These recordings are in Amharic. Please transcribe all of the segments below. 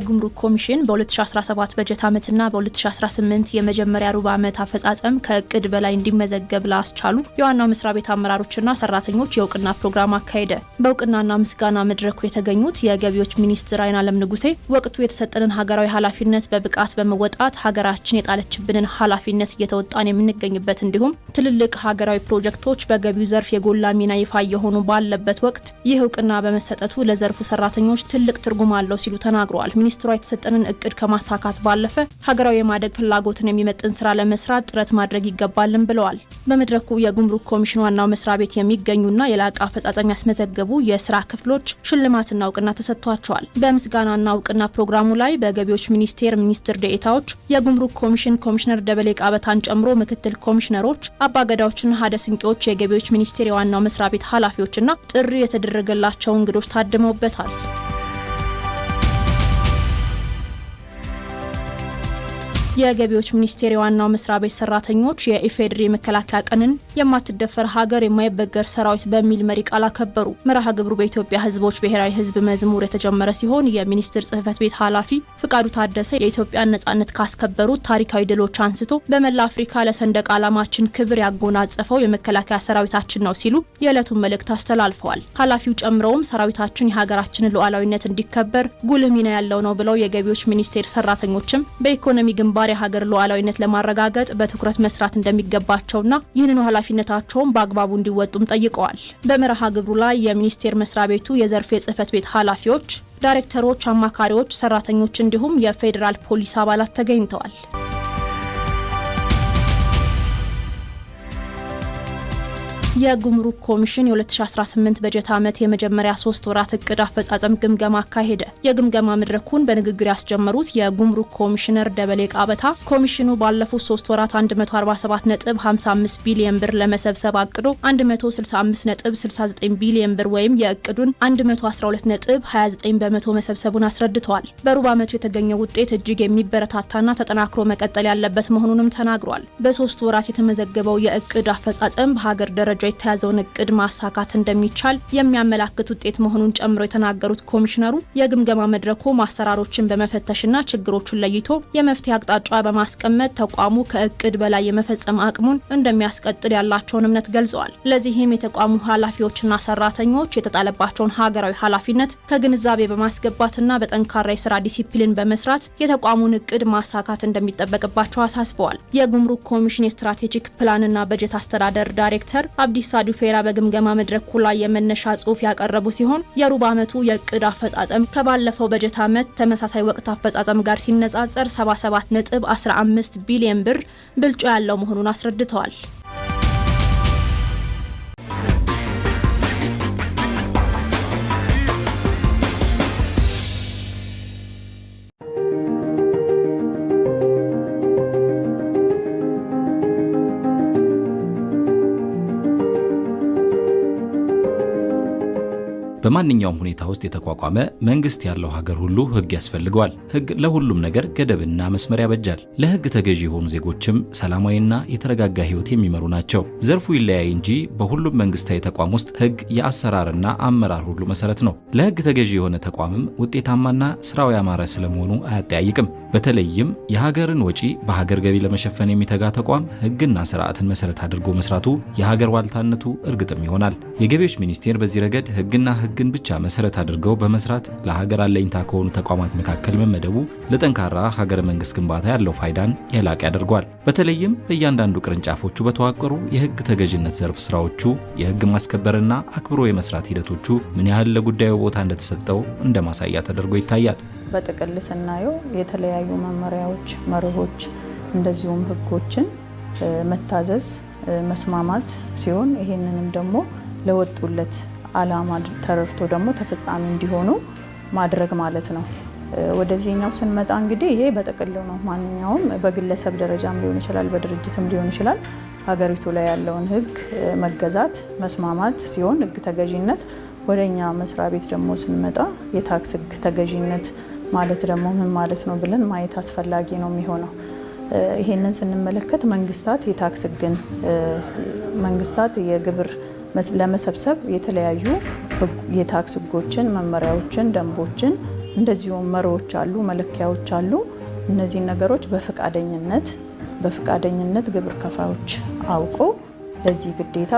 የጉምሩክ ኮሚሽን በ2017 በጀት ዓመትና በ2018 የመጀመሪያ ሩብ ዓመት አፈጻጸም ከእቅድ በላይ እንዲመዘገብ ላስቻሉ የዋናው መስሪያ ቤት አመራሮችና ሰራተኞች የእውቅና ፕሮግራም አካሄደ። በእውቅናና ምስጋና መድረኩ የተገኙት የገቢዎች ሚኒስትር አይናለም ንጉሴ ወቅቱ የተሰጠንን ሀገራዊ ኃላፊነት በብቃት በመወጣት ሀገራችን የጣለችብንን ኃላፊነት እየተወጣን የምንገኝበት እንዲሁም ትልልቅ ሀገራዊ ፕሮጀክቶች በገቢው ዘርፍ የጎላ ሚና ይፋ እየሆኑ ባለበት ወቅት ይህ እውቅና በመሰጠቱ ለዘርፉ ሰራተኞች ትልቅ ትርጉም አለው ሲሉ ተናግረዋል። ሚኒስትሯ የተሰጠንን እቅድ ከማሳካት ባለፈ ሀገራዊ የማደግ ፍላጎትን የሚመጥን ስራ ለመስራት ጥረት ማድረግ ይገባልን ብለዋል። በመድረኩ የጉምሩክ ኮሚሽን ዋናው መስሪያ ቤት የሚገኙና የላቀ አፈጻጸም ያስመዘገቡ የስራ ክፍሎች ሽልማትና እውቅና ተሰጥቷቸዋል። በምስጋናና እውቅና ፕሮግራሙ ላይ በገቢዎች ሚኒስቴር ሚኒስትር ዴኤታዎች፣ የጉምሩክ ኮሚሽን ኮሚሽነር ደበሌ ቃበታን ጨምሮ ምክትል ኮሚሽነሮች፣ አባገዳዎችና ሀደ ስንቄዎች፣ የገቢዎች ሚኒስቴር የዋናው መስሪያ ቤት ኃላፊዎችና ጥሪ የተደረገላቸው እንግዶች ታድመውበታል። የገቢዎች ሚኒስቴር የዋናው መስሪያ ቤት ሰራተኞች የኢፌዴሪ መከላከያ ቀንን የማትደፈር ሀገር የማይበገር ሰራዊት በሚል መሪ ቃል አከበሩ። መርሃ ግብሩ በኢትዮጵያ ህዝቦች ብሔራዊ ህዝብ መዝሙር የተጀመረ ሲሆን የሚኒስቴር ጽህፈት ቤት ኃላፊ ፍቃዱ ታደሰ የኢትዮጵያን ነጻነት ካስከበሩት ታሪካዊ ድሎች አንስቶ በመላ አፍሪካ ለሰንደቅ ዓላማችን ክብር ያጎናጸፈው የመከላከያ ሰራዊታችን ነው ሲሉ የዕለቱን መልእክት አስተላልፈዋል። ኃላፊው ጨምረውም ሰራዊታችን የሀገራችንን ሉዓላዊነት እንዲከበር ጉልህ ሚና ያለው ነው ብለው የገቢዎች ሚኒስቴር ሰራተኞችም በኢኮኖሚ ግንባ ተግባር ሀገር ሉዓላዊነት ለማረጋገጥ በትኩረት መስራት እንደሚገባቸውና ይህንኑ ኃላፊነታቸውን በአግባቡ እንዲወጡም ጠይቀዋል። በመርሃ ግብሩ ላይ የሚኒስቴር መስሪያ ቤቱ የዘርፍ የጽህፈት ቤት ኃላፊዎች፣ ዳይሬክተሮች፣ አማካሪዎች፣ ሰራተኞች እንዲሁም የፌዴራል ፖሊስ አባላት ተገኝተዋል። የጉምሩክ ኮሚሽን የ2018 በጀት ዓመት የመጀመሪያ ሶስት ወራት እቅድ አፈጻጸም ግምገማ አካሄደ። የግምገማ መድረኩን በንግግር ያስጀመሩት የጉምሩክ ኮሚሽነር ደበሌ ቃበታ ኮሚሽኑ ባለፉት ሶስት ወራት 147.55 ቢሊዮን ብር ለመሰብሰብ አቅዶ 165.69 ቢሊዮን ብር ወይም የእቅዱን 112.29 በመቶ መሰብሰቡን አስረድተዋል። በሩብ ዓመቱ የተገኘው ውጤት እጅግ የሚበረታታና ተጠናክሮ መቀጠል ያለበት መሆኑንም ተናግሯል። በሶስት ወራት የተመዘገበው የእቅድ አፈጻጸም በሀገር ደረጃ የተያዘውን እቅድ ማሳካት እንደሚቻል የሚያመላክት ውጤት መሆኑን ጨምሮ የተናገሩት ኮሚሽነሩ የግምገማ መድረኩ ማሰራሮችን በመፈተሽና ችግሮቹን ለይቶ የመፍትሄ አቅጣጫ በማስቀመጥ ተቋሙ ከእቅድ በላይ የመፈጸም አቅሙን እንደሚያስቀጥል ያላቸውን እምነት ገልጸዋል። ለዚህም የተቋሙ ኃላፊዎችና ሰራተኞች የተጣለባቸውን ሀገራዊ ኃላፊነት ከግንዛቤ በማስገባትና በጠንካራ የስራ ዲሲፕሊን በመስራት የተቋሙን እቅድ ማሳካት እንደሚጠበቅባቸው አሳስበዋል። የጉምሩክ ኮሚሽን የስትራቴጂክ ፕላንና በጀት አስተዳደር ዳይሬክተር አብዲሳ ዱፌራ በግምገማ መድረኩ ላይ የመነሻ ጽሑፍ ያቀረቡ ሲሆን የሩብ ዓመቱ የእቅድ አፈጻጸም ከባለፈው በጀት ዓመት ተመሳሳይ ወቅት አፈጻጸም ጋር ሲነጻጸር 77.15 ቢሊዮን ብር ብልጫ ያለው መሆኑን አስረድተዋል። በማንኛውም ሁኔታ ውስጥ የተቋቋመ መንግስት ያለው ሀገር ሁሉ ህግ ያስፈልገዋል። ህግ ለሁሉም ነገር ገደብና መስመር ያበጃል። ለህግ ተገዢ የሆኑ ዜጎችም ሰላማዊና የተረጋጋ ህይወት የሚመሩ ናቸው። ዘርፉ ይለያይ እንጂ በሁሉም መንግስታዊ ተቋም ውስጥ ህግ የአሰራርና አመራር ሁሉ መሰረት ነው። ለህግ ተገዢ የሆነ ተቋምም ውጤታማና ስራው ያማረ ስለመሆኑ አያጠያይቅም። በተለይም የሀገርን ወጪ በሀገር ገቢ ለመሸፈን የሚተጋ ተቋም ህግና ስርዓትን መሰረት አድርጎ መስራቱ የሀገር ዋልታነቱ እርግጥም ይሆናል። የገቢዎች ሚኒስቴር በዚህ ረገድ ህግና ህግን ብቻ መሰረት አድርገው በመስራት ለሀገር አለኝታ ከሆኑ ተቋማት መካከል መመደቡ ለጠንካራ ሀገረ መንግስት ግንባታ ያለው ፋይዳን የላቅ ያደርጓል። በተለይም በእያንዳንዱ ቅርንጫፎቹ በተዋቀሩ የህግ ተገዥነት ዘርፍ ስራዎቹ የህግ ማስከበርና አክብሮ የመስራት ሂደቶቹ ምን ያህል ለጉዳዩ ቦታ እንደተሰጠው እንደ ማሳያ ተደርጎ ይታያል። በጥቅል ስናየው የተለያዩ መመሪያዎች፣ መርሆች እንደዚሁም ህጎችን መታዘዝ መስማማት ሲሆን ይህንንም ደግሞ ለወጡለት አላማ ተረድቶ ደግሞ ተፈጻሚ እንዲሆኑ ማድረግ ማለት ነው። ወደዚህኛው ስንመጣ እንግዲህ ይሄ በጥቅሉ ነው። ማንኛውም በግለሰብ ደረጃም ሊሆን ይችላል፣ በድርጅትም ሊሆን ይችላል። ሀገሪቱ ላይ ያለውን ህግ መገዛት መስማማት ሲሆን ህግ ተገዥነት፣ ወደ እኛ መስሪያ ቤት ደግሞ ስንመጣ የታክስ ህግ ተገዥነት ማለት ደግሞ ምን ማለት ነው ብለን ማየት አስፈላጊ ነው የሚሆነው። ይሄንን ስንመለከት መንግስታት የታክስ ህግን መንግስታት የግብር ለመሰብሰብ የተለያዩ የታክስ ህጎችን፣ መመሪያዎችን፣ ደንቦችን እንደዚሁም መሮዎች አሉ፣ መለኪያዎች አሉ። እነዚህን ነገሮች በፈቃደኝነት በፈቃደኝነት ግብር ከፋዮች አውቆ ለዚህ ግዴታ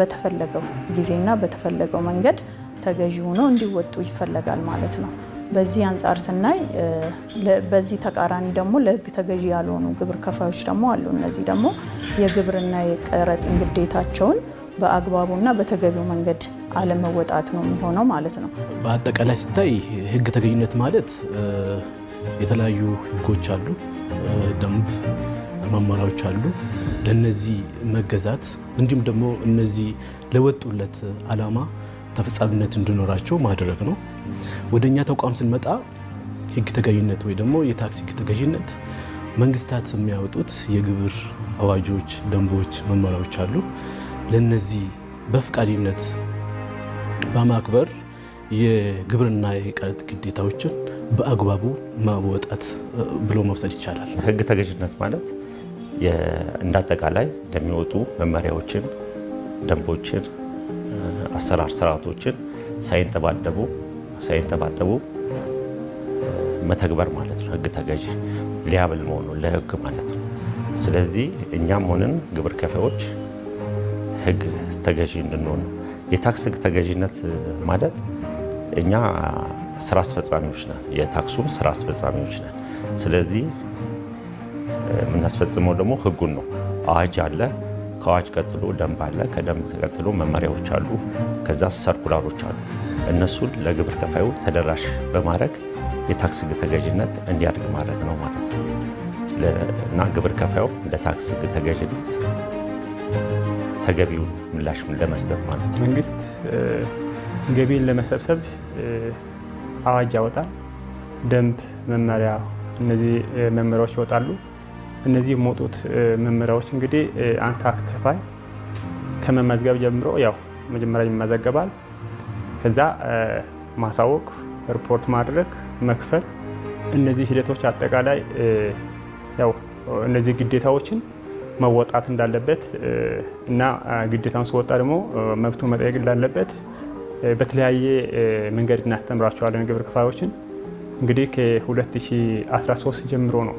በተፈለገው ጊዜና በተፈለገው መንገድ ተገዢ ሆኖ እንዲወጡ ይፈለጋል ማለት ነው። በዚህ አንጻር ስናይ በዚህ ተቃራኒ ደግሞ ለህግ ተገዢ ያልሆኑ ግብር ከፋዮች ደግሞ አሉ። እነዚህ ደግሞ የግብርና የቀረጥን ግዴታቸውን በአግባቡና በተገቢው መንገድ አለመወጣት ነው የሚሆነው ማለት ነው። በአጠቃላይ ሲታይ ህግ ተገኝነት ማለት የተለያዩ ህጎች አሉ፣ ደንብ መመሪያዎች አሉ። ለነዚህ መገዛት እንዲሁም ደግሞ እነዚህ ለወጡለት አላማ ተፈጻሚነት እንዲኖራቸው ማድረግ ነው። ወደ እኛ ተቋም ስንመጣ ህግ ተገዥነት ወይ ደግሞ የታክስ ህግ ተገዥነት መንግስታት የሚያወጡት የግብር አዋጆች፣ ደንቦች፣ መመሪያዎች አሉ። ለነዚህ በፍቃድነት በማክበር የግብርና የቀረጥ ግዴታዎችን በአግባቡ መወጣት ብሎ መውሰድ ይቻላል። ህግ ተገዥነት ማለት እንደ አጠቃላይ ለሚወጡ መመሪያዎችን፣ ደንቦችን፣ አሰራር ስርዓቶችን ሳይንጠባጠቡ ሳይንጠባጠቡ መተግበር ማለት ነው። ህግ ተገዥ ሊያብል መሆኑ ለህግ ማለት ነው። ስለዚህ እኛም ሆንን ግብር ከፋዮች ህግ ተገዢ እንድንሆን። የታክስ ህግ ተገዢነት ማለት እኛ ስራ አስፈጻሚዎች ነን፣ የታክሱም ስራ አስፈጻሚዎች ነን። ስለዚህ የምናስፈጽመው ደግሞ ህጉን ነው። አዋጅ አለ፣ ከአዋጅ ቀጥሎ ደንብ አለ፣ ከደንብ ቀጥሎ መመሪያዎች አሉ፣ ከዛ ሰርኩላሮች አሉ። እነሱን ለግብር ከፋዩ ተደራሽ በማድረግ የታክስ ህግ ተገዥነት እንዲያድግ ማድረግ ነው ማለት ነው እና ግብር ከፋዩ ለታክስ ህግ ተገዥነት ተገቢውን ምላሽ ለመስጠት ማለት ነው። መንግስት ገቢን ለመሰብሰብ አዋጅ ያወጣል፣ ደንብ፣ መመሪያ፣ እነዚህ መመሪያዎች ይወጣሉ። እነዚህ የመጡት መመሪያዎች እንግዲህ አንድ ታክስ ከፋይ ከመመዝገብ ጀምሮ ያው መጀመሪያ ይመዘገባል። ከዛ ማሳወቅ፣ ሪፖርት ማድረግ፣ መክፈል፣ እነዚህ ሂደቶች አጠቃላይ ያው እነዚህ ግዴታዎችን መወጣት እንዳለበት እና ግዴታውን ሲወጣ ደግሞ መብቱን መጠየቅ እንዳለበት በተለያየ መንገድ እናስተምራቸዋለን ግብር ከፋዮችን። እንግዲህ ከ2013 ጀምሮ ነው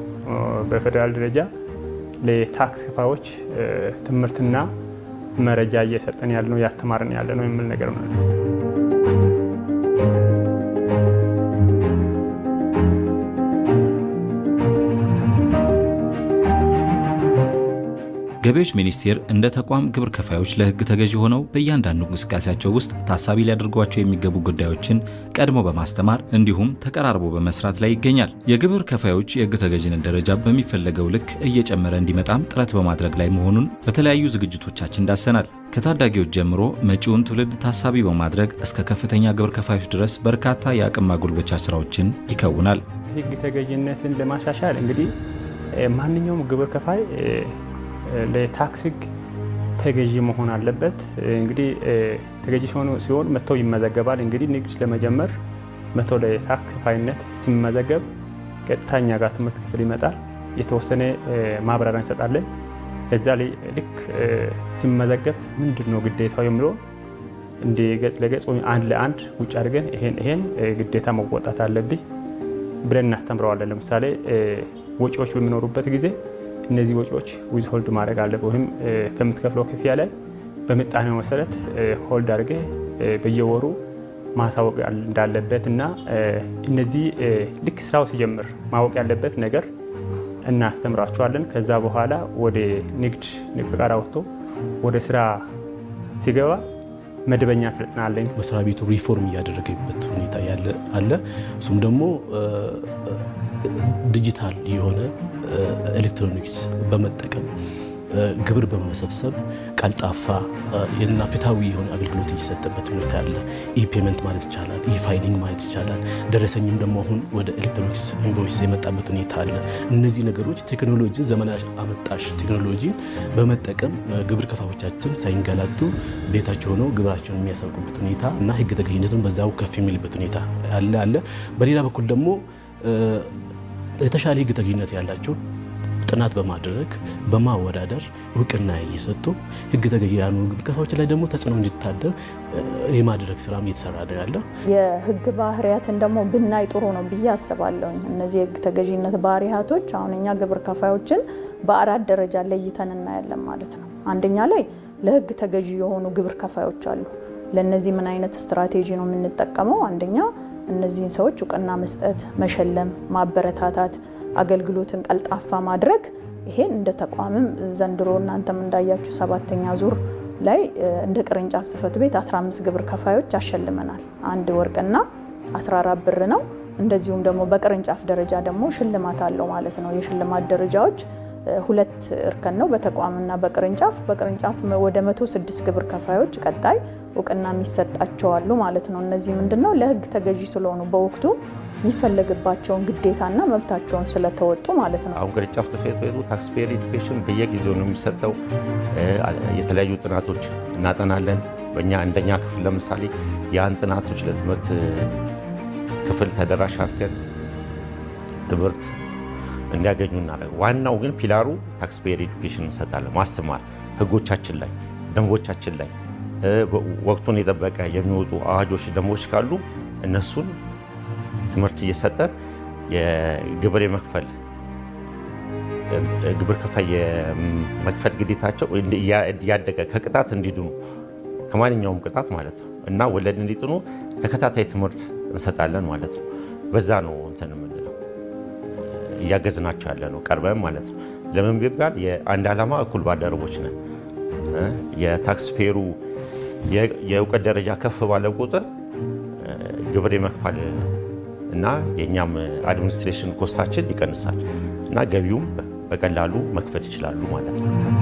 በፌዴራል ደረጃ ለታክስ ከፋዮች ትምህርትና መረጃ እየሰጠን ያለ ነው ያስተማርን ያለ ነው የሚል ነገር ነው። ገቢዎች ሚኒስቴር እንደ ተቋም ግብር ከፋዮች ለሕግ ተገዢ ሆነው በእያንዳንዱ እንቅስቃሴያቸው ውስጥ ታሳቢ ሊያደርጓቸው የሚገቡ ጉዳዮችን ቀድሞ በማስተማር እንዲሁም ተቀራርቦ በመስራት ላይ ይገኛል። የግብር ከፋዮች የሕግ ተገዥነት ደረጃ በሚፈለገው ልክ እየጨመረ እንዲመጣም ጥረት በማድረግ ላይ መሆኑን በተለያዩ ዝግጅቶቻችን ዳሰናል። ከታዳጊዎች ጀምሮ መጪውን ትውልድ ታሳቢ በማድረግ እስከ ከፍተኛ ግብር ከፋዮች ድረስ በርካታ የአቅም ማጎልበቻ ስራዎችን ይከውናል። ሕግ ተገዥነትን ለማሻሻል እንግዲህ ማንኛውም ግብር ከፋይ ለታክስ ሕግ ተገዢ መሆን አለበት። እንግዲህ ተገዢ ሲሆን መተው ይመዘገባል። እንግዲህ ንግድ ለመጀመር መተው ለታክስ ፋይነት ሲመዘገብ ቀጥታኛ ጋር ትምህርት ክፍል ይመጣል። የተወሰነ ማብራሪያ እንሰጣለን። እዛ ላይ ልክ ሲመዘገብ ምንድን ነው ግዴታው የሚለውን እንደ ገጽ ለገጽ ወይም አንድ ለአንድ ውጭ አድርገን ይሄን ይሄን ግዴታ መወጣት አለብህ ብለን እናስተምረዋለን። ለምሳሌ ወጪዎች በሚኖሩበት ጊዜ እነዚህ ወጪዎች ዊዝ ሆልድ ማድረግ አለብህ፣ ወይም ከምትከፍለው ክፍያ ላይ በምጣኔው መሰረት ሆልድ አድርገህ በየወሩ ማሳወቅ እንዳለበት እና እነዚህ ልክ ስራው ሲጀምር ማወቅ ያለበት ነገር እናስተምራቸዋለን። ከዛ በኋላ ወደ ንግድ ንግድ ፈቃድ አውጥቶ ወደ ስራ ሲገባ መደበኛ ስልጠና አለኝ። መስሪያ ቤቱ ሪፎርም እያደረገበት ሁኔታ ያለ አለ። እሱም ደግሞ ዲጂታል የሆነ ኤሌክትሮኒክስ በመጠቀም ግብር በመሰብሰብ ቀልጣፋ እና ፍትሃዊ የሆነ አገልግሎት እየሰጠበት ሁኔታ ያለ ኢፔመንት ማለት ይቻላል፣ ኢፋይሊንግ ማለት ይቻላል። ደረሰኝም ደግሞ አሁን ወደ ኤሌክትሮኒክስ ኢንቮይስ የመጣበት ሁኔታ አለ። እነዚህ ነገሮች ቴክኖሎጂ ዘመን አመጣሽ ቴክኖሎጂን በመጠቀም ግብር ከፋዮቻችን ሳይንገላቱ ቤታቸው ሆነው ግብራቸውን የሚያሳውቁበት ሁኔታ እና ህግ ተገኝነቱን በዛው ከፍ የሚልበት ሁኔታ ያለ አለ። በሌላ በኩል ደግሞ የተሻለ ሕግ ተገዥነት ያላቸው ጥናት በማድረግ በማወዳደር እውቅና እየሰጡ ህግ ተገዥ ያልሆኑ ግድፈቶች ላይ ደግሞ ተጽዕኖ እንዲታደር የማድረግ ስራም እየተሰራ ያለ የህግ ባህሪያትን ደግሞ ብናይ ጥሩ ነው ብዬ አስባለሁኝ። እነዚህ የህግ ተገዥነት ባህሪያቶች አሁን እኛ ግብር ከፋዮችን በአራት ደረጃ ለይተን እናያለን ማለት ነው። አንደኛ ላይ ለህግ ተገዥ የሆኑ ግብር ከፋዮች አሉ። ለእነዚህ ምን አይነት ስትራቴጂ ነው የምንጠቀመው? አንደኛ እነዚህን ሰዎች እውቅና መስጠት፣ መሸለም፣ ማበረታታት፣ አገልግሎትን ቀልጣፋ ማድረግ ይሄን እንደ ተቋምም ዘንድሮ እናንተም እንዳያችሁ ሰባተኛ ዙር ላይ እንደ ቅርንጫፍ ጽህፈት ቤት 15 ግብር ከፋዮች አሸልመናል። አንድ ወርቅና 14 ብር ነው። እንደዚሁም ደግሞ በቅርንጫፍ ደረጃ ደግሞ ሽልማት አለው ማለት ነው። የሽልማት ደረጃዎች ሁለት እርከን ነው፣ በተቋምና በቅርንጫፍ። በቅርንጫፍ ወደ 106 ግብር ከፋዮች ቀጣይ እውቅና የሚሰጣቸው አሉ ማለት ነው። እነዚህ ምንድን ነው ለህግ ተገዢ ስለሆኑ በወቅቱ የሚፈለግባቸውን ግዴታና መብታቸውን ስለተወጡ ማለት ነው። አሁን ቅርንጫፍ ጽሕፈት ቤቱ ታክስፔር ኤዱኬሽን በየጊዜው ነው የሚሰጠው። የተለያዩ ጥናቶች እናጠናለን። በእኛ አንደኛ ክፍል ለምሳሌ ያን ጥናቶች ለትምህርት ክፍል ተደራሽ አድርገን ትምህርት እንዲያገኙ እናደርግ። ዋናው ግን ፒላሩ ታክስፔር ኤዱኬሽን እንሰጣለን። ማስተማር ህጎቻችን ላይ ደንቦቻችን ላይ ወቅቱን የጠበቀ የሚወጡ አዋጆች፣ ደንቦች ካሉ እነሱን ትምህርት እየሰጠን የግብር የመክፈል ግብር ከፋይ የመክፈል ግዴታቸው እያደገ ከቅጣት እንዲድኑ ከማንኛውም ቅጣት ማለት ነው እና ወለድ እንዲጥኑ ተከታታይ ትምህርት እንሰጣለን ማለት ነው። በዛ ነው እንትን የምንለው እያገዝናቸው ያለ ነው ቀርበን ማለት ነው። ለምን ቢባል የአንድ ዓላማ እኩል ባልደረቦች ነን። የታክስ ፔሩ የእውቀት ደረጃ ከፍ ባለ ቁጥር ግብር የመክፈል እና የእኛም አድሚኒስትሬሽን ኮስታችን ይቀንሳል እና ገቢውም በቀላሉ መክፈል ይችላሉ ማለት ነው።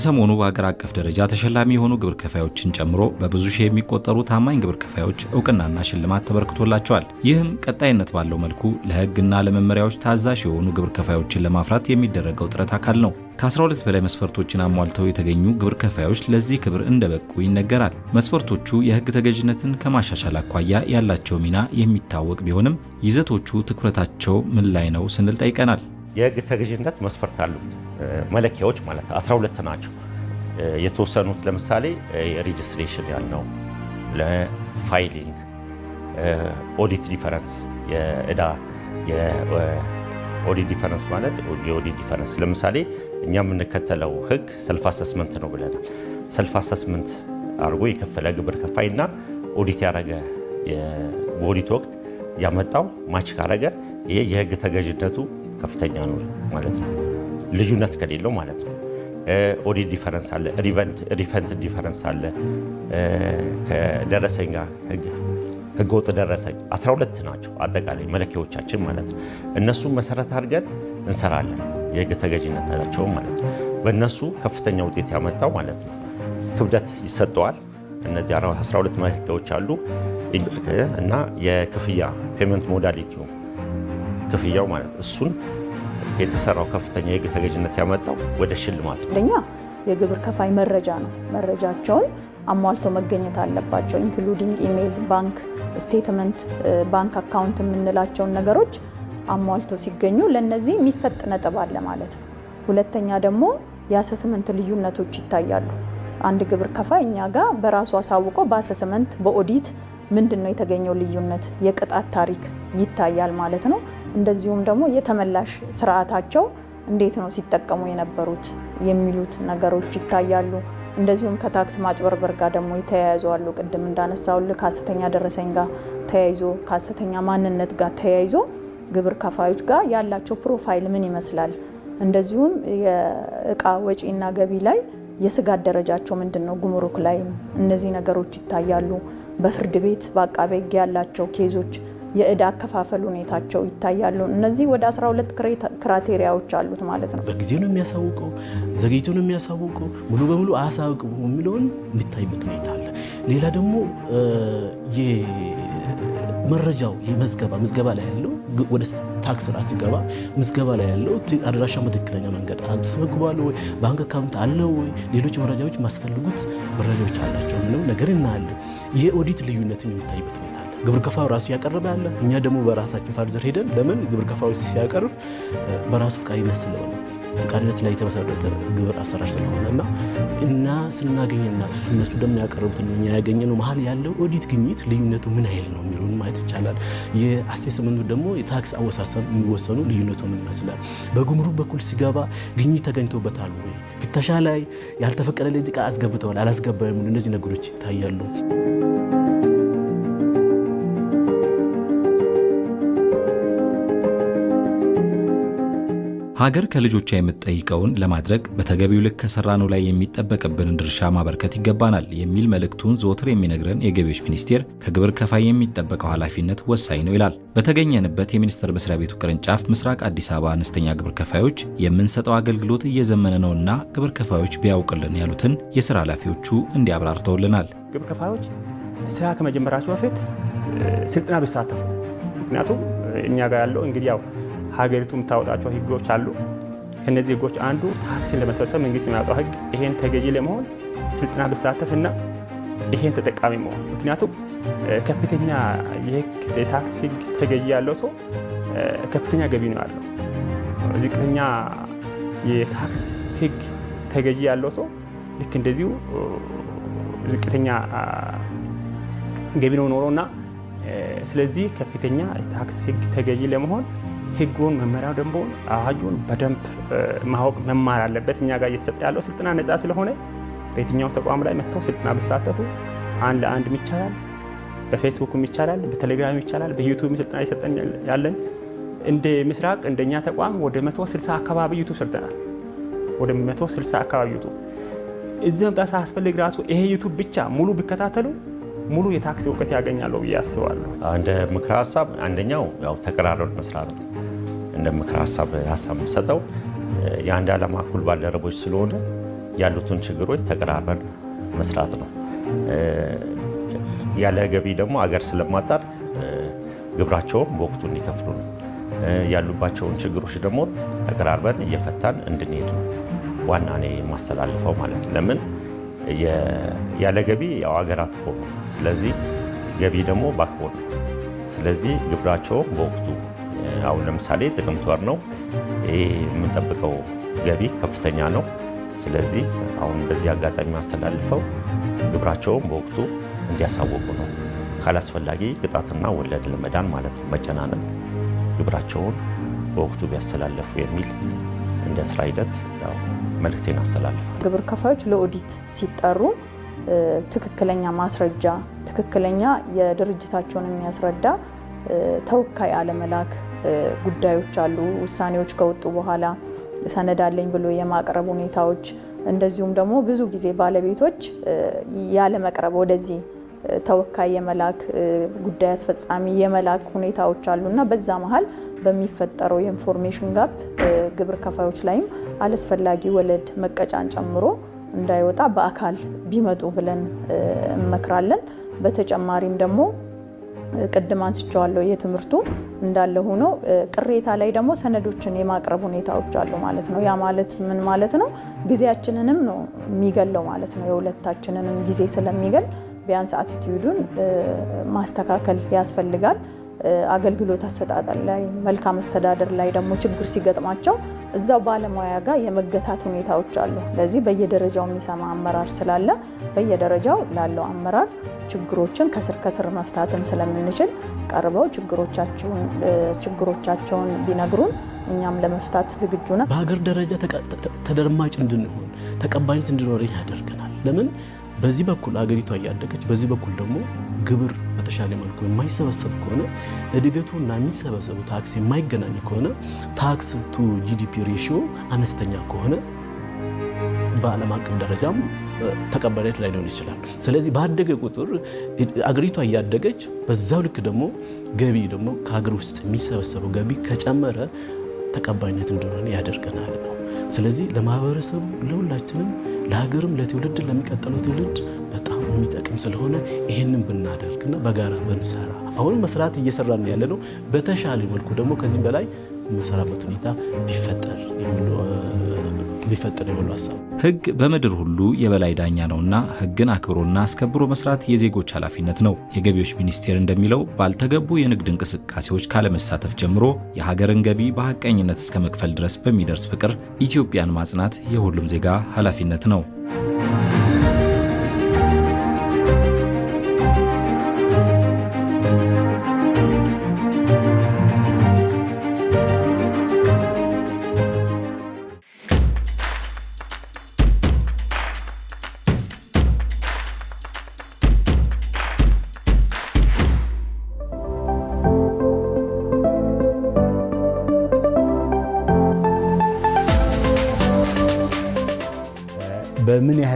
ከሰሞኑ በአገር አቀፍ ደረጃ ተሸላሚ የሆኑ ግብር ከፋዮችን ጨምሮ በብዙ ሺህ የሚቆጠሩ ታማኝ ግብር ከፋዮች እውቅናና ሽልማት ተበርክቶላቸዋል። ይህም ቀጣይነት ባለው መልኩ ለሕግና ለመመሪያዎች ታዛዥ የሆኑ ግብር ከፋዮችን ለማፍራት የሚደረገው ጥረት አካል ነው። ከ12 በላይ መስፈርቶችን አሟልተው የተገኙ ግብር ከፋዮች ለዚህ ክብር እንደበቁ ይነገራል። መስፈርቶቹ የሕግ ተገዥነትን ከማሻሻል አኳያ ያላቸው ሚና የሚታወቅ ቢሆንም ይዘቶቹ ትኩረታቸው ምን ላይ ነው ስንል ጠይቀናል። የህግ ተገዥነት መስፈርት አሉት መለኪያዎች ማለት 12 ናቸው። የተወሰኑት ለምሳሌ የሬጅስትሬሽን ያልነው ለፋይሊንግ ኦዲት ዲፈረንስ የእዳ የኦዲት ዲፈረንስ ማለት የኦዲት ዲፈረንስ ለምሳሌ እኛ የምንከተለው ህግ ሰልፍ አሰስመንት ነው ብለናል። ሰልፍ አሰስመንት አድርጎ የከፈለ ግብር ከፋይና ኦዲት ያደረገ በኦዲት ወቅት ያመጣው ማች ካረገ ይሄ የህግ ተገዥነቱ ከፍተኛ ነው ማለት ነው። ልዩነት ከሌለው ማለት ነው። ኦዲት ዲፈረንስ አለ፣ ሪቨንት ዲፈረንስ አለ። ከደረሰኝ ጋር ወጥ ደረሰኝ 12 ናቸው አጠቃላይ መለኪያዎቻችን ማለት ነው። እነሱን መሰረት አድርገን እንሰራለን የህግ ተገዥነታቸውን ማለት ነው። በእነሱ ከፍተኛ ውጤት ያመጣው ማለት ነው ክብደት ይሰጠዋል። እነዚህ 12 መለኪያዎች አሉ እና የክፍያ ፔመንት ሞዳሊቲው ክፍያው ማለት እሱን የተሰራው ከፍተኛ የህግ ተገዥነት ያመጣው ወደ ሽልማት ነው። አንደኛ የግብር ከፋይ መረጃ ነው። መረጃቸውን አሟልተው መገኘት አለባቸው። ኢንክሉዲንግ ኢሜይል፣ ባንክ ስቴትመንት፣ ባንክ አካውንት የምንላቸውን ነገሮች አሟልቶ ሲገኙ ለእነዚህ የሚሰጥ ነጥብ አለ ማለት ነው። ሁለተኛ ደግሞ የአሰስመንት ልዩነቶች ይታያሉ። አንድ ግብር ከፋይ እኛ ጋር በራሱ አሳውቆ በአሰስመንት በኦዲት ምንድን ነው የተገኘው ልዩነት የቅጣት ታሪክ ይታያል ማለት ነው። እንደዚሁም ደግሞ የተመላሽ ስርዓታቸው እንዴት ነው ሲጠቀሙ የነበሩት የሚሉት ነገሮች ይታያሉ። እንደዚሁም ከታክስ ማጭበርበር ጋር ደግሞ የተያያዙ አሉ። ቅድም እንዳነሳውል ከሀሰተኛ ደረሰኝ ጋር ተያይዞ ከሀሰተኛ ማንነት ጋር ተያይዞ ግብር ከፋዮች ጋር ያላቸው ፕሮፋይል ምን ይመስላል፣ እንደዚሁም የእቃ ወጪና ገቢ ላይ የስጋት ደረጃቸው ምንድን ነው፣ ጉምሩክ ላይ እነዚህ ነገሮች ይታያሉ። በፍርድ ቤት በአቃቤ ሕግ ያላቸው ኬዞች የእዳ አከፋፈል ሁኔታቸው ይታያሉ። እነዚህ ወደ 12 ክራቴሪያዎች አሉት ማለት ነው። በጊዜ ነው የሚያሳውቀው፣ ዘግይቶ ነው የሚያሳውቀው፣ ሙሉ በሙሉ አያሳውቅም የሚለውን የሚታይበት ሁኔታ አለ። ሌላ ደግሞ መረጃው የመዝገባ ምዝገባ ላይ ያለው ወደ ታክስ ስራ ሲገባ ምዝገባ ላይ ያለው አድራሻ በትክክለኛ መንገድ አስመዝግቧል ወይ፣ ባንክ አካውንት አለው ወይ፣ ሌሎች መረጃዎች ማስፈልጉት መረጃዎች አላቸው የሚለው ነገር እናያለን። የኦዲት ልዩነት የሚታይበት ሁኔታ ግብር ከፋው ራሱ እያቀረበ ያለ፣ እኛ ደግሞ በራሳችን ፋርዘር ሄደን ለምን ግብር ከፋው ሲያቀርብ በራሱ ፈቃደኝነት ስለሆነ ፍቃድነት ላይ የተመሰረተ ግብር አሰራር ስለሆነ እና እና ስናገኘና እሱ እነሱ ደግሞ ነው እኛ ነው መሀል ያለው ኦዲት ግኝት ልዩነቱ ምን ያህል ነው የሚለውን ማየት ይቻላል። የአሴስመንቱ ደግሞ የታክስ አወሳሰብ የሚወሰኑ ልዩነቱ ምን ይመስላል፣ በጉምሩክ በኩል ሲገባ ግኝት ተገኝቶበታል ወይ፣ ፍተሻ ላይ ያልተፈቀደ ለዚቃ አስገብተዋል አላስገባ የሚሉ እነዚህ ነገሮች ይታያሉ። ሀገር ከልጆቿ የምትጠይቀውን ለማድረግ በተገቢው ልክ ከሰራነው ላይ የሚጠበቅብንን ድርሻ ማበርከት ይገባናል የሚል መልእክቱን ዘወትር የሚነግረን የገቢዎች ሚኒስቴር ከግብር ከፋይ የሚጠበቀው ኃላፊነት ወሳኝ ነው ይላል። በተገኘንበት የሚኒስቴር መስሪያ ቤቱ ቅርንጫፍ ምስራቅ አዲስ አበባ አነስተኛ ግብር ከፋዮች የምንሰጠው አገልግሎት እየዘመነ ነውና ግብር ከፋዮች ቢያውቅልን ያሉትን የስራ ኃላፊዎቹ እንዲያብራርተውልናል። ግብር ከፋዮች ስራ ከመጀመራቸው በፊት ስልጠና ቢሳተፉ ምክንያቱም እኛ ጋር ያለው እንግዲህ ያው ሀገሪቱ የምታወጣቸው ህጎች አሉ። ከነዚህ ህጎች አንዱ ታክስን ለመሰብሰብ መንግስት የሚያወጣው ህግ ይሄን ተገዢ ለመሆን ስልጠና ብሳተፍ እና ይሄን ተጠቃሚ መሆን ምክንያቱም ከፍተኛ የታክስ ህግ ተገዢ ያለው ሰው ከፍተኛ ገቢ ነው ያለው። ዝቅተኛ የታክስ ህግ ተገዢ ያለው ሰው ልክ እንደዚሁ ዝቅተኛ ገቢ ነው ኖሮ እና ስለዚህ ከፍተኛ የታክስ ህግ ተገዢ ለመሆን ህጉን መመሪያ ደግሞ አዋጁን በደንብ ማወቅ መማር አለበት። እኛ ጋር እየተሰጠ ያለው ስልጠና ነፃ ስለሆነ በየትኛው ተቋም ላይ መጥተው ስልጠና ብሳተፉ አንድ ለአንድም ይቻላል፣ በፌስቡክም ይቻላል፣ በቴሌግራም ይቻላል፣ በዩቱብ ስልጠና እየሰጠን ያለን። እንደ ምስራቅ እንደኛ ተቋም ወደ 160 አካባቢ ዩቱብ ሰልጠናል። ወደ 160 አካባቢ ዩቱብ እዚህ መምጣት ሳያስፈልግ ራሱ ይሄ ዩቱብ ብቻ ሙሉ ቢከታተሉ ሙሉ የታክሲ እውቀት ያገኛለሁ ብዬ አስባለሁ። እንደ ምክረ ሀሳብ አንደኛው ያው ተቀራረብ መስራት ነው። እንደ ምክር ሀሳብ የምሰጠው የአንድ ዓላማ እኩል ባልደረቦች ስለሆነ ያሉትን ችግሮች ተቀራርበን መስራት ነው። ያለ ገቢ ደግሞ አገር ስለማጣር ግብራቸውን በወቅቱ እንዲከፍሉ ነው። ያሉባቸውን ችግሮች ደግሞ ተቀራርበን እየፈታን እንድንሄድ ነው ዋና እኔ የማስተላልፈው ማለት ነው። ለምን ያለ ገቢ ያው አገር ሆኑ። ስለዚህ ገቢ ደግሞ ባክቦ ነው። ስለዚህ ግብራቸውን በወቅቱ አሁን ለምሳሌ ጥቅምት ወር ነው። ይህ የምንጠብቀው ገቢ ከፍተኛ ነው። ስለዚህ አሁን በዚህ አጋጣሚ አስተላልፈው ግብራቸውን በወቅቱ እንዲያሳወቁ ነው። ካላስፈላጊ ቅጣትና ወለድ ለመዳን ማለት ነው መጨናነቅ ግብራቸውን በወቅቱ ቢያስተላለፉ የሚል እንደ ስራ ሂደት መልእክቴን አስተላልፋል። ግብር ከፋዮች ለኦዲት ሲጠሩ ትክክለኛ ማስረጃ፣ ትክክለኛ የድርጅታቸውን የሚያስረዳ ተወካይ አለመላክ ጉዳዮች አሉ። ውሳኔዎች ከወጡ በኋላ ሰነድ አለኝ ብሎ የማቅረብ ሁኔታዎች፣ እንደዚሁም ደግሞ ብዙ ጊዜ ባለቤቶች ያለመቅረብ ወደዚህ ተወካይ የመላክ ጉዳይ አስፈጻሚ የመላክ ሁኔታዎች አሉ እና በዛ መሀል በሚፈጠረው የኢንፎርሜሽን ጋፕ ግብር ከፋዮች ላይም አላስፈላጊ ወለድ መቀጫን ጨምሮ እንዳይወጣ በአካል ቢመጡ ብለን እንመክራለን። በተጨማሪም ደግሞ ቅድም አንስቼዋለሁ። የትምህርቱ እንዳለ ሆኖ ቅሬታ ላይ ደግሞ ሰነዶችን የማቅረብ ሁኔታዎች አሉ ማለት ነው። ያ ማለት ምን ማለት ነው? ጊዜያችንንም ነው የሚገለው ማለት ነው። የሁለታችንንም ጊዜ ስለሚገል ቢያንስ አቲቲዩዱን ማስተካከል ያስፈልጋል። አገልግሎት አሰጣጠር ላይ መልካም አስተዳደር ላይ ደግሞ ችግር ሲገጥማቸው እዛው ባለሙያ ጋር የመገታት ሁኔታዎች አሉ። ለዚህ በየደረጃው የሚሰማ አመራር ስላለ በየደረጃው ላለው አመራር ችግሮችን ከስር ከስር መፍታትም ስለምንችል ቀርበው ችግሮቻቸውን ቢነግሩን እኛም ለመፍታት ዝግጁ ነን። በሀገር ደረጃ ተደማጭ እንድንሆን ተቀባይነት እንዲኖረን ያደርገናል። ለምን በዚህ በኩል አገሪቷ እያደገች በዚህ በኩል ደግሞ ግብር በተሻለ መልኩ የማይሰበሰብ ከሆነ እድገቱና የሚሰበሰቡ ታክስ የማይገናኝ ከሆነ ታክስ ቱ ጂዲፒ ሬሽዮ አነስተኛ ከሆነ በዓለም አቀፍ ደረጃም ተቀባይነት ላይ ሊሆን ይችላል። ስለዚህ ባደገ ቁጥር አገሪቷ እያደገች በዛው ልክ ደግሞ ገቢ ደግሞ ከሀገር ውስጥ የሚሰበሰበው ገቢ ከጨመረ ተቀባይነት እንደሆነ ያደርገናል ነው። ስለዚህ ለማህበረሰቡ፣ ለሁላችንም፣ ለሀገርም፣ ለትውልድ ለሚቀጥለው ትውልድ በጣም የሚጠቅም ስለሆነ ይህንን ብናደርግና በጋራ ብንሰራ አሁንም መስራት እየሰራ ያለ ነው። በተሻለ መልኩ ደግሞ ከዚህም በላይ የምንሰራበት ሁኔታ ቢፈጠር ሊፈጠር ሀሳብ ህግ በምድር ሁሉ የበላይ ዳኛ ነውና ህግን አክብሮና አስከብሮ መስራት የዜጎች ኃላፊነት ነው። የገቢዎች ሚኒስቴር እንደሚለው ባልተገቡ የንግድ እንቅስቃሴዎች ካለመሳተፍ ጀምሮ የሀገርን ገቢ በሐቀኝነት እስከ መክፈል ድረስ በሚደርስ ፍቅር ኢትዮጵያን ማጽናት የሁሉም ዜጋ ኃላፊነት ነው።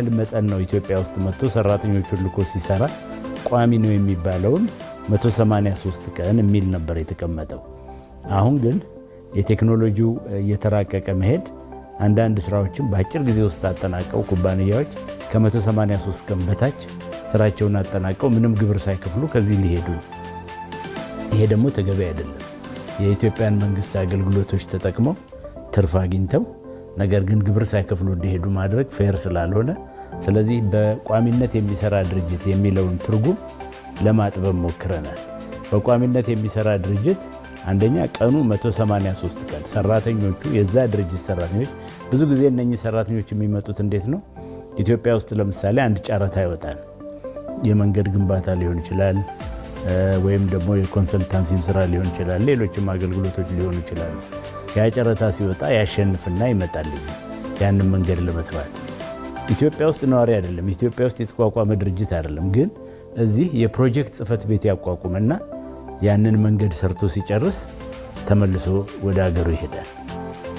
ያህል መጠን ነው ኢትዮጵያ ውስጥ መጥቶ ሰራተኞቹን ልኮ ሲሰራ ቋሚ ነው የሚባለውን 183 ቀን የሚል ነበር የተቀመጠው። አሁን ግን የቴክኖሎጂው እየተራቀቀ መሄድ አንዳንድ ስራዎችን በአጭር ጊዜ ውስጥ አጠናቀው ኩባንያዎች ከ183 ቀን በታች ስራቸውን አጠናቀው ምንም ግብር ሳይከፍሉ ከዚህ ሊሄዱ ይሄ ደግሞ ተገቢ አይደለም። የኢትዮጵያን መንግስት አገልግሎቶች ተጠቅመው ትርፍ አግኝተው ነገር ግን ግብር ሳይከፍሉ እንዲሄዱ ማድረግ ፌር ስላልሆነ፣ ስለዚህ በቋሚነት የሚሰራ ድርጅት የሚለውን ትርጉም ለማጥበብ ሞክረናል። በቋሚነት የሚሰራ ድርጅት አንደኛ ቀኑ 183 ቀን ሰራተኞቹ የዛ ድርጅት ሰራተኞች ብዙ ጊዜ እነኚህ ሰራተኞች የሚመጡት እንዴት ነው? ኢትዮጵያ ውስጥ ለምሳሌ አንድ ጨረታ ይወጣል። የመንገድ ግንባታ ሊሆን ይችላል፣ ወይም ደግሞ የኮንሰልታንሲም ስራ ሊሆን ይችላል፣ ሌሎችም አገልግሎቶች ሊሆኑ ይችላሉ። ያ ጨረታ ሲወጣ ያሸንፍና ይመጣል። ያንን መንገድ ለመስራት ኢትዮጵያ ውስጥ ነዋሪ አይደለም፣ ኢትዮጵያ ውስጥ የተቋቋመ ድርጅት አይደለም። ግን እዚህ የፕሮጀክት ጽህፈት ቤት ያቋቁምና ያንን መንገድ ሰርቶ ሲጨርስ ተመልሶ ወደ ሀገሩ ይሄዳል።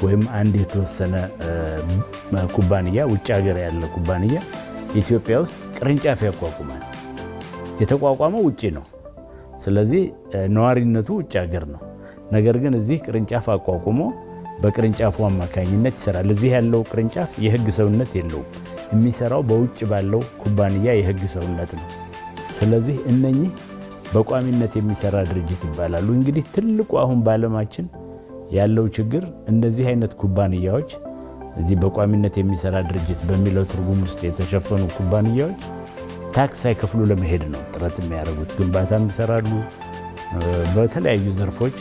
ወይም አንድ የተወሰነ ኩባንያ ውጭ ሀገር ያለ ኩባንያ ኢትዮጵያ ውስጥ ቅርንጫፍ ያቋቁማል። የተቋቋመው ውጭ ነው። ስለዚህ ነዋሪነቱ ውጭ ሀገር ነው። ነገር ግን እዚህ ቅርንጫፍ አቋቁሞ በቅርንጫፉ አማካኝነት ይሰራል። እዚህ ያለው ቅርንጫፍ የህግ ሰውነት የለውም። የሚሰራው በውጭ ባለው ኩባንያ የህግ ሰውነት ነው። ስለዚህ እነኚህ በቋሚነት የሚሰራ ድርጅት ይባላሉ። እንግዲህ ትልቁ አሁን በዓለማችን ያለው ችግር እንደዚህ አይነት ኩባንያዎች እዚህ በቋሚነት የሚሰራ ድርጅት በሚለው ትርጉም ውስጥ የተሸፈኑ ኩባንያዎች ታክስ ሳይከፍሉ ለመሄድ ነው ጥረት የሚያደርጉት። ግንባታም ይሰራሉ በተለያዩ ዘርፎች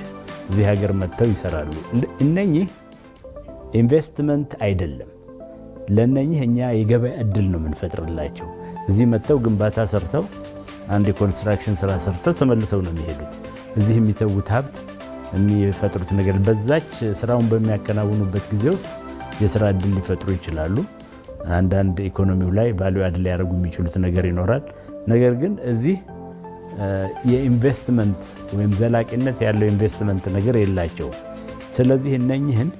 እዚህ ሀገር መጥተው ይሰራሉ። እነኚህ ኢንቨስትመንት አይደለም። ለእነኚህ እኛ የገበያ እድል ነው የምንፈጥርላቸው። እዚህ መጥተው ግንባታ ሰርተው አንድ የኮንስትራክሽን ስራ ሰርተው ተመልሰው ነው የሚሄዱት። እዚህ የሚተዉት ሀብት የሚፈጥሩት ነገር በዛች ስራውን በሚያከናውኑበት ጊዜ ውስጥ የስራ እድል ሊፈጥሩ ይችላሉ። አንዳንድ ኢኮኖሚው ላይ ቫሉ አድ ሊያደርጉ የሚችሉት ነገር ይኖራል። ነገር ግን እዚህ የኢንቨስትመንት ወይም ዘላቂነት ያለው ኢንቨስትመንት ነገር የላቸውም። ስለዚህ እነኝህን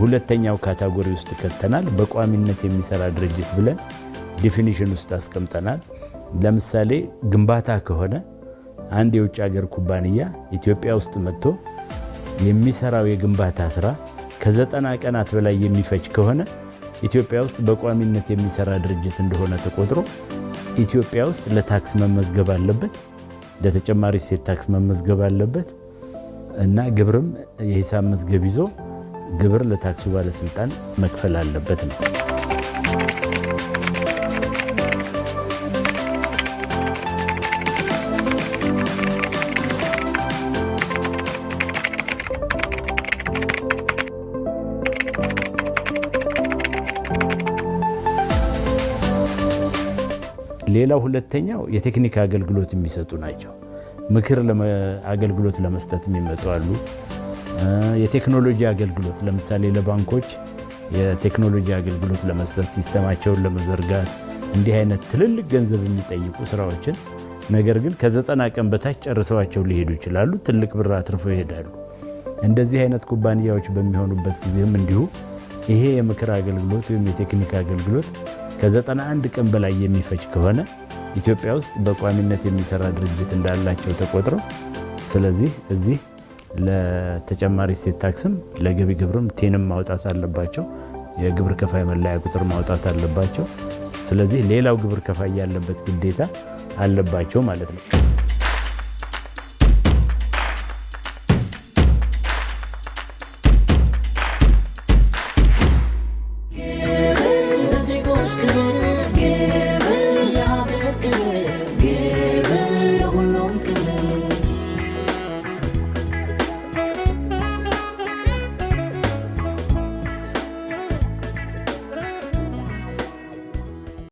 ሁለተኛው ካታጎሪ ውስጥ ከተናል። በቋሚነት የሚሰራ ድርጅት ብለን ዲፊኒሽን ውስጥ አስቀምጠናል። ለምሳሌ ግንባታ ከሆነ አንድ የውጭ ሀገር ኩባንያ ኢትዮጵያ ውስጥ መጥቶ የሚሰራው የግንባታ ስራ ከዘጠና ቀናት በላይ የሚፈጅ ከሆነ ኢትዮጵያ ውስጥ በቋሚነት የሚሰራ ድርጅት እንደሆነ ተቆጥሮ ኢትዮጵያ ውስጥ ለታክስ መመዝገብ አለበት። እንደ ተጨማሪ እሴት ታክስ መመዝገብ አለበት እና ግብርም የሂሳብ መዝገብ ይዞ ግብር ለታክሱ ባለስልጣን መክፈል አለበት ነው። ሌላው ሁለተኛው የቴክኒክ አገልግሎት የሚሰጡ ናቸው። ምክር አገልግሎት ለመስጠት የሚመጡ አሉ። የቴክኖሎጂ አገልግሎት ለምሳሌ ለባንኮች የቴክኖሎጂ አገልግሎት ለመስጠት ሲስተማቸውን ለመዘርጋት እንዲህ አይነት ትልልቅ ገንዘብ የሚጠይቁ ስራዎችን ነገር ግን ከዘጠና ቀን በታች ጨርሰዋቸው ሊሄዱ ይችላሉ። ትልቅ ብር አትርፈው ይሄዳሉ። እንደዚህ አይነት ኩባንያዎች በሚሆኑበት ጊዜም እንዲሁ ይሄ የምክር አገልግሎት ወይም የቴክኒክ አገልግሎት ከዘጠና አንድ ቀን በላይ የሚፈጅ ከሆነ ኢትዮጵያ ውስጥ በቋሚነት የሚሰራ ድርጅት እንዳላቸው ተቆጥረው ስለዚህ እዚህ ለተጨማሪ ሴት ታክስም ለገቢ ግብርም ቴንም ማውጣት አለባቸው። የግብር ከፋይ መለያ ቁጥር ማውጣት አለባቸው። ስለዚህ ሌላው ግብር ከፋይ ያለበት ግዴታ አለባቸው ማለት ነው።